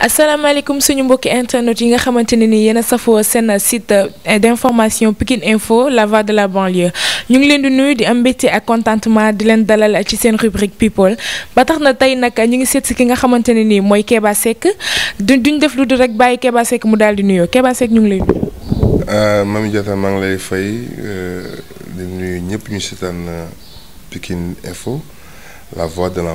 asalaamaaleykum suñu mbokki internet yi nga xamante ne ni yéen a safoo seen site d' information Pikine Info la voix de la banlieue ñu ngi leen di nuyu di am mbégte ak contentement di leen dalal ci seen rubrique people ba tax na tey nag ñu ngi seet si ki nga xamante ne nii mooy Keba Seck du duñ def lu di rek bàyyi Keba Seck mu daal di nuyoo Keba Seck ñu ngi lay nuyu. Euh, Mamy Diatta maa ngi lay fay euh, di nuyu ñëpp ñu seetaan euh, Pikine Info la voix de la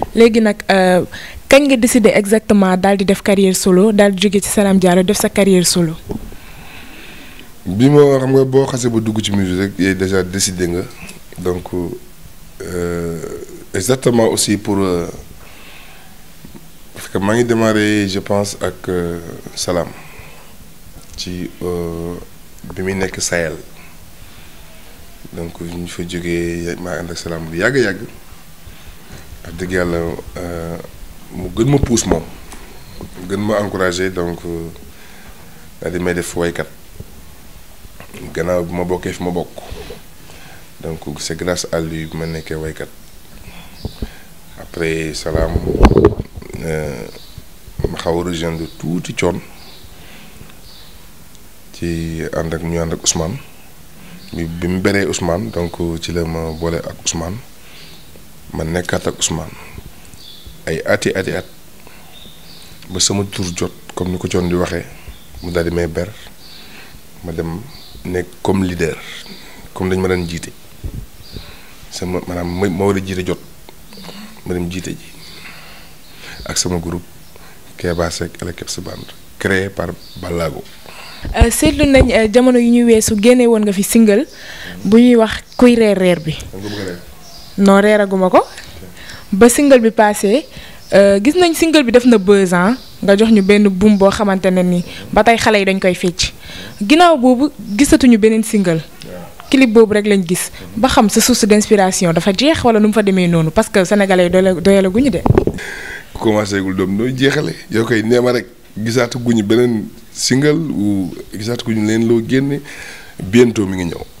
léegi nag euh, kañ nga décider exactement dal di def carrière solo dal di jóge ci Salam diaro def sa carrière solo. bima xam nga bo xasse ba dugg ci musique rek déjà décidé nga donc euh, exactement aussi pour euh, parce que maa ngi démarré je pense ak Salam ci bi muy nek Sahel donc ñu fa jógee maa ak Salam bu yag yag wax dëgg yàlla euh, mu gën ma puus moom mu gën ma encouragé donc euh, daal di may def woykat gannaaw bi ma bokkee fi ma bokk donc c'est grâce à lui bi ma nekkee woykat après salaam euh, ma xaw a rejoindre tuuti coon ci ànd ak ñu ànd ak Ousmane bi bi mu beree Ousmane donc ci la ma boole ak Ousmane man nekkaat ak Ousmane ay ati ati at ba sama tur jot comme ni ko di waxe mu daal di may ber ma dem nek comme leader comme dañ ma dañ jité sama manam ma wara jité jot ma dem jité ji ak sama groupe sek ala kep sa Band créé par Balago. Euh, seetlu nañ euh, jamono yu ñu weesu génne won nga fi single bu ñuy wax kuy reer reer bi. non reeraguma ko ba single bi passé euh, gis nañ single bi def na buzz nga jox ñu benn buum boo xamante ne ni ba tey xale yi dañ koy fecc ginnaaw boobu gisatuñu beneen single. clip boobu rek lañ gis ba xam sa source d'inspiration dafa jeex wala nu mu fa demee noonu parce que sénégalais yi doyale guñu de. ku commencé gul doom nooy jeexale yow koy neema rek gisaatu guñu beneen single ou gisaatu guñu leen loo génne bientôt mi ngi ñëw.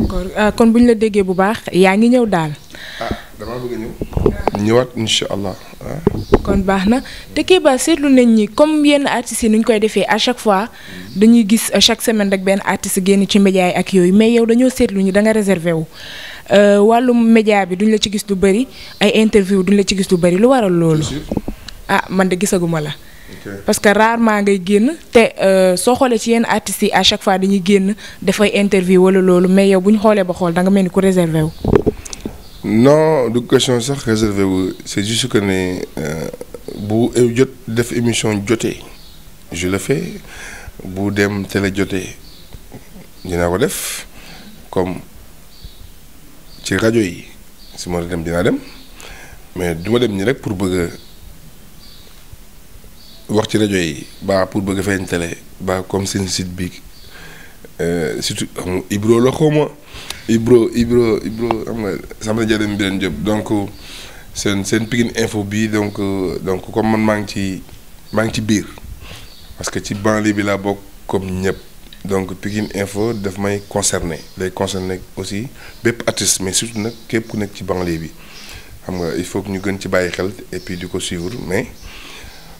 d'accord euh, kon bu ñu la déggee bu baax yaa ngi ñëw daal. ah damaa bëgg ñëwaat incha allah. Ah. kon baax na te kii ba seetlu nañ ñi comme yenn artistes yi nu ñu koy defee à chaque fois dañuy gis euh, chaque semaine rek benn artiste génn ci média yi ak yooyu mais yow dañoo seetlu ñu danga nga réservé wu. Euh, wàllum média bi duñu la ci gis lu bëri ay interview duñ la ci gis lu bëri lu waral loolu. ah man de gisaguma la. parce que rarement ngay guen té euh, so xolé ci yenn artiste à chaque fois dañuy guen da fay interview wala lolu mais yow buñ xolé ba xol da nga melni ni ku réservé wu. non du question sax réservé wu c'est juste que né euh, bu jot def émission joté je le fais bu dem télé joté dina ko def comme ci radio yi suma dem dina dem mais duma dem ni rek pour bëgg wax ci rajo yi ba pour bëgg feeñ télé ba comme seen site bi euh, surtout Ibro la xaw Ibro Ibro Ibro xam nga sama njëriñ bi leen jëm donc euh, seen seen Pikine info bi donc euh, donc comme man maa ngi ci maa ngi ci biir parce que ci banlieue bi la bokk comme ñëpp donc Pikine info daf may concerné les concerné aussi bépp artiste mais surtout nag képp ku nekk ci banlieue bi xam nga il faut que ñu gën ci bàyyi xel et puis di ko suivre mais.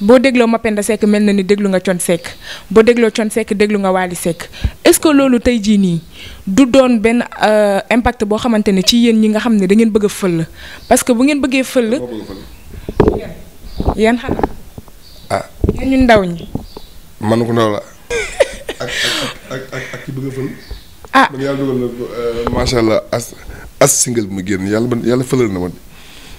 boo dégloo Mapenda Seck mel na ni déglu nga Thione Seck boo dégloo Thione Seck déglu nga Wally sekk est-ce que loolu tey jii nii du doon benn euh, impact boo xamante ne ci yéen ñi nga xam ne da ngeen bëgg a fël parce que bu ngeen bëggee fël. yan xanaa. ah yan ñu ndaw ñi. man ko la. a fël. Ah. Euh, allah as single bu mu génn yàlla man na ma.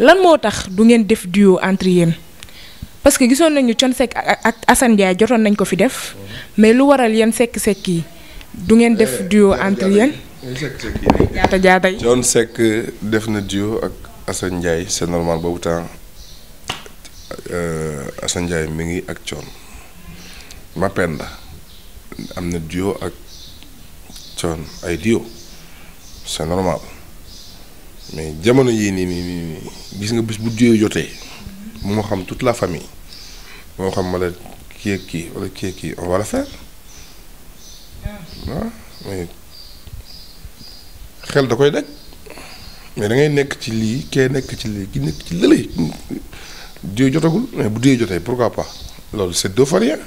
lan moo tax du ngeen def duo entre yéen parce que gisoon nañu Thione Seck ak ak Assane Ndiaye jotoon nañ ko fi def mais lu waral yéen Seck Seck yi du ngeen def eh, duo entre yéen. jaata jaata yi. def na duo ak Assane Ndiaye normal boobu temps euh, asan jai mi ngi ak ma Mapenda am na duo ak Thione ay duo c'est normal. mais jamono yii nii nii nii gis nga bis bu dee jotee moo xam toute la famille moo xam wala kii ak kii wala kii ak kii on va le faire waaw ah. ah, mais xel da koy daj mais da ngay nekk ci lii kee nekk ci lii ki nekk ci lële dee jotagul mais bu dee jotee pourquoi pas loolu c'est deux fois rien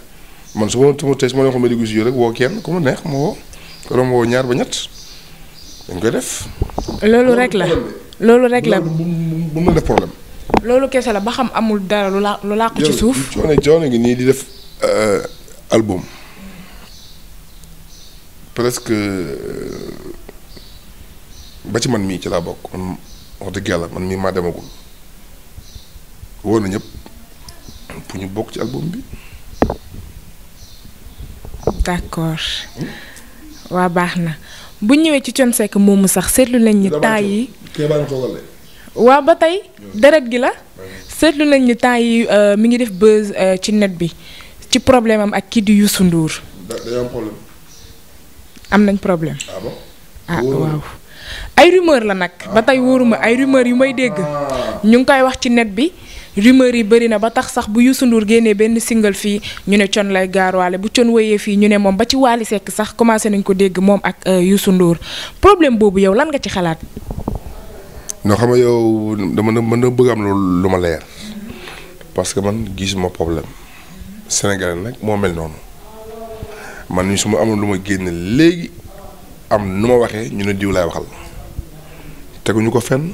man su ma su ma tey su ma leen waxoon ma déglu si yow rek woo kenn ku ma neex ma woo. ko doon woo ñaar ba ñett. dañ koy def. loolu rek la loolu rek la bu mu def problème. loolu kese la ba xam amul dara lu la lu làqu ci suuf. coono coono nii di def euh, album presque euh, ba ci man mii ci laa bokk man wax dëgg yàlla man mii maa demagul wóor na ñëpp pour ñu bokk ci album bi. d'accord. Hmm? waa baax na bu ñëwee ci Thione Seck moomu sax seetlu nañ ni temps yi waa ba tey deret gi la seetlu nañ ni temps yi euh, mi ngi def buzz euh, ci net bi ci problème am ak kii di Youssou Ndour am nañ problème ah, ah waaw ay rumeur la nag ba tey wóoruma ay rumeur yu may dégg ah. ñu ngi koy wax ci net bi rumeur yi bëri na ba tax sax bu Youssou Ndour génnee benn single fii ñu ne con lay gaarwaale bu con wéyee fii ñu ne moom ba ci Wally Seck sax commencé nañ ko dégg moom ak euh, Youssou nduur problème boobu yow lan nga ci xalaat. non xam nga yow mën na bëgg am lu ma leer parce que man gisuma problème Sénégal nag moo mel noonu man su ma amoon lu ma génn léegi am nu ma waxee ñu ne diw laay waxal teguñu ko fenn.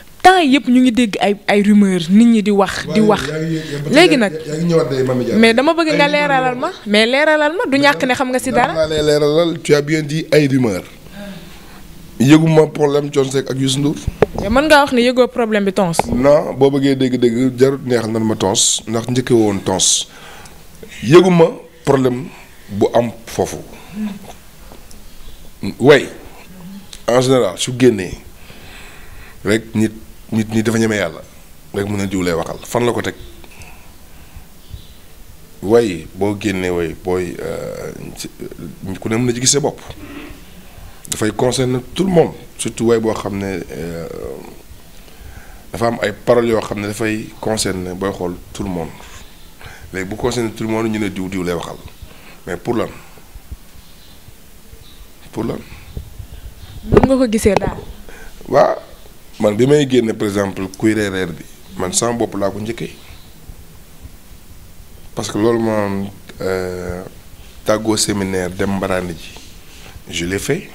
temps yëpp ñu ngi dégg ay ay rumeur nit ñi di wax di wax léegi nag mais dama bëgg nga leeralal ma mais leeralal ma du ñàkk ne xam nga si dara. lay leeralal tu bien dit ay rumeur yëguma problème Thione Seck ak Youssou Ndour. mën ngaa wax ne yëgoo problème bi tons. non boo bëggee dégg-dégg jarut neex nan ma tons ndax njëkke woon tons yëguma problème bu am foofu. way en général su génnee rek nit. nit ñi dafa ñeme yàlla rek mën a diw lay waxal fan la ko teg way boo génnee way booy euh, ku ne mën na ci gis sa bopp dafay concerner tout le monde surtout way boo xam ne euh, dafa am ay paroles yoo xam ne dafay concerner booy xool tout le monde léegi bu concerner tout le monde ñu ne diw diw lay waxal mais pour lan pour lan. mën nga ko gisee daal. waaw man bi may par exemple kuy reer bi man sama bopp la ko njëkkee parce que ma euh tago séminaire dem mbaraandi ji je l'ai fait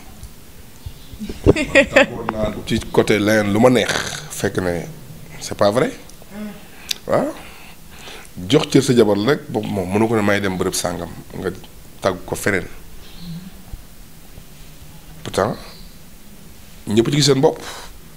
tàggoo naa ci côté leneen luma neex fekk ne c'est pas vrai Wa. Mm. Ah. jox ci sa jabar rek boobu moom mënu ko ne may dem bërëb sangam nga tag ko fenen mm. pourtant ñëpp ci seen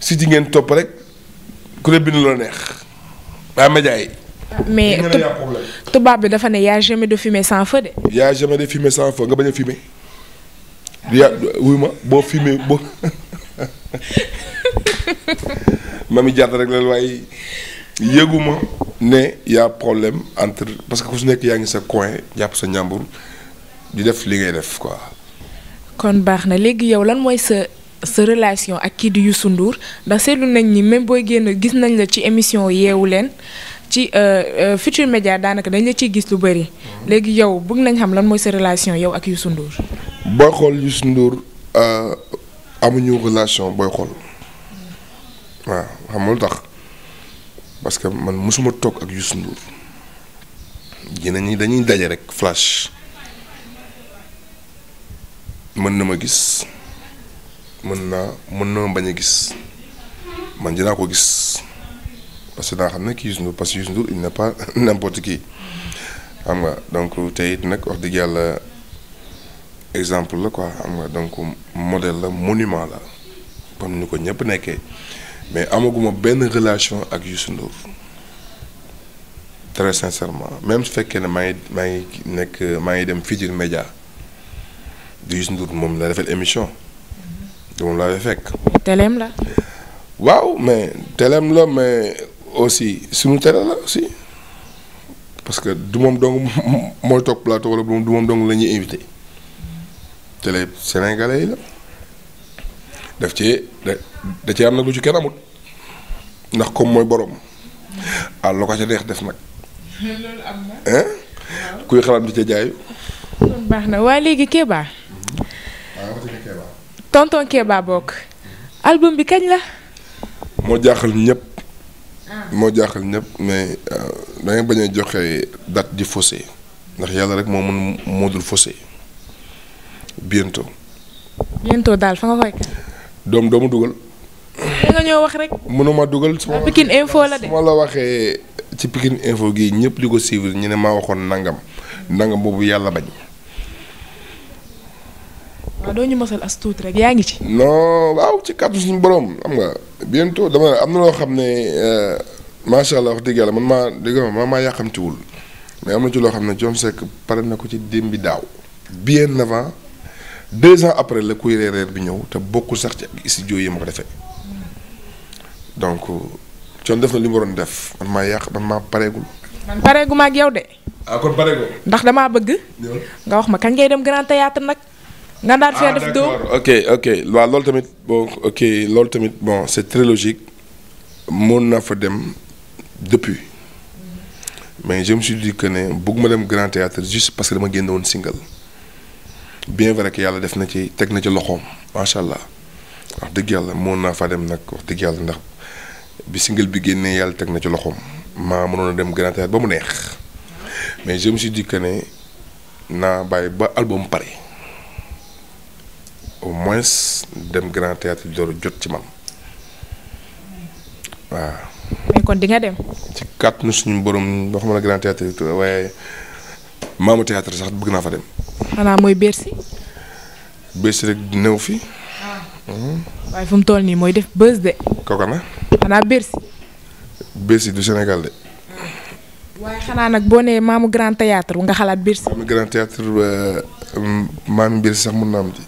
si di ngeen topp rek ku ne bind loo neex waa média yi. mais tubaab bi dafa ne y' a jamais de fumer sans feu de. y' jamais de fumer sans feu nga bañ a fumer. yaa wuy ma boo fumer boo. mami jàdd rek la waaye yëguma ne y' a problème entre parce que ku su nekk yaa ngi sa coin jàpp sa njàmbur di def li ngay def quoi. kon baax na léegi yow lan mooy sa. sa relation ak kii di Youssou Ndour ndax seetlu nañ ni même booy génn gis nañ la ci émission yeewu leen ci euh, euh, Futur Média daanaka dañ la ciy gis lu bari léegi yow bëgg nañ xam lan mooy sa relation yow ak Youssou Ndour. booy xool Youssou Ndour euh, amuñu relation booy xool waaw xam nga tax parce que man mosuma toog ak Youssou Ndour yeneen ñi dañuy daje rek flash mën na ma gis. mën naa mën na bañ a gis man dinaa ko gis parce que daa xam ne kii Youssou Ndour parce que Youssou Ndour il n'est pas n'importe qui xam nga donc tey it nag wax dëgg yàlla exemple la ko xam nga donc modèle la monument la comme nu ko ñëpp nekkee mais amaguma benn relation ak Youssou Ndour très sincèrement même su fekkee ne maa ngi maa ngi nekk maa ngi dem Futurs Médias di Youssou Ndour moom la defal émission. monde l'avait fait. Telem la. Waouh, mais Telem là mais aussi nous t'aimons là aussi parce que du monde, donc moi je plateau wala du donc, la invité télé sénégalais la ci da ci am lu ci comme borom ah, tonton Keba bokk. album bi kañ la. moo jaaxal ñëpp. Ah. moo jaaxal ñëpp mais euh, da nga a joxe date di faussé ndax yàlla rek moo mën moo dul faussé bientôt. bientôt daal fa nga koy. doom doomu dugal. da nga ñoo wax rek. mënuma dugal ah, su ma. la waxee ci Pikine info gii ñëpp di ko suivre ñu ne maa waxoon nangam nangam boobu yàlla bañ. waaw ah, doo ñu mosal as tuuti rek yaa ngi ci. non waaw ci kàddu suñu borom am nga bientôt dama am na loo xam ne euh, macha allah wax dëgg yàlla man ma dégg nga ma maa yàqamtiwul mais am na ci loo xam ne Thione Seck pare na ko ci démb bi daaw. bien avant deux ans après la kuy reer reer bi ñëw te bokkul sax ci studio yi ma ko defee donc Thione def na li mu waroon def man maa yàq man maa pareegul. man pareegu ma ak yow de. ah kon pareegul. ndax damaa bëgg. nga wax ma kañ ngay dem grand théâtre nag. nga daal fee def dóor ok ok waaw bah, loolu tamit bon ok loolu tamit bon c'est très logique mon na fa dem depuis mais je me suis dit que ne bëgg ma dem grand théâtre juste parce que dama génn woon single bien vrai que yàlla def na ci teg na ci loxoom macha allah wax dëgg yàlla mën naa fa dem nag wax dëgg yàlla ndax bi single bi génnee yàlla teg na ci loxoom maa mënoon a dem grand théâtre ba mu neex mais je me suis dit que ne naa bàyyi ba album pare. au moins dem grand théâtre door jot ci man waaw. mais di nga dem. ci kàttanu suñu borom boo xam ne grand théâtre waaye maamu théâtre sax bëgg naa fa dem. xanaa mooy Bercy. Bercy rek néew fi. Ah. Mhm. waaye fu mu toll nii mooy def bës de. kooka xanaa Bercy. Bercy du Sénégal de. waaye xanaa nag boo nee maamu grand théâtre nga xalaat Bercy. maamu grand théâtre euh, maamu Bercy sax mun naa am ji.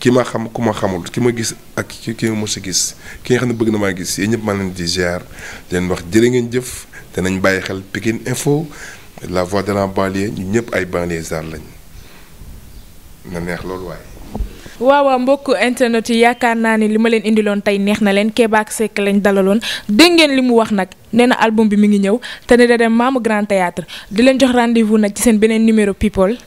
ki ma xam ku ma xamul ki ma gis ak ki ki ma mës gis ki nga xam ne bëgg na maa gis yéen ñëpp ma leen di ziar leen wax jërë ngeen jëf danañ bàyyi xel Pikine Info la voix de la banlieue ñu ñëpp ay banlieusards lañ na neex loolu waaye. waaw mbokk internet yi yaakaar naa ne li ma leen indiloon tey neex na leen Keba ak lañ dalaloon dégg ngeen li mu wax nag nee na album bi mi ngi ñëw te ne da dem maamu Grand Théâtre di leen jox rendez-vous nag ci seen beneen numéro people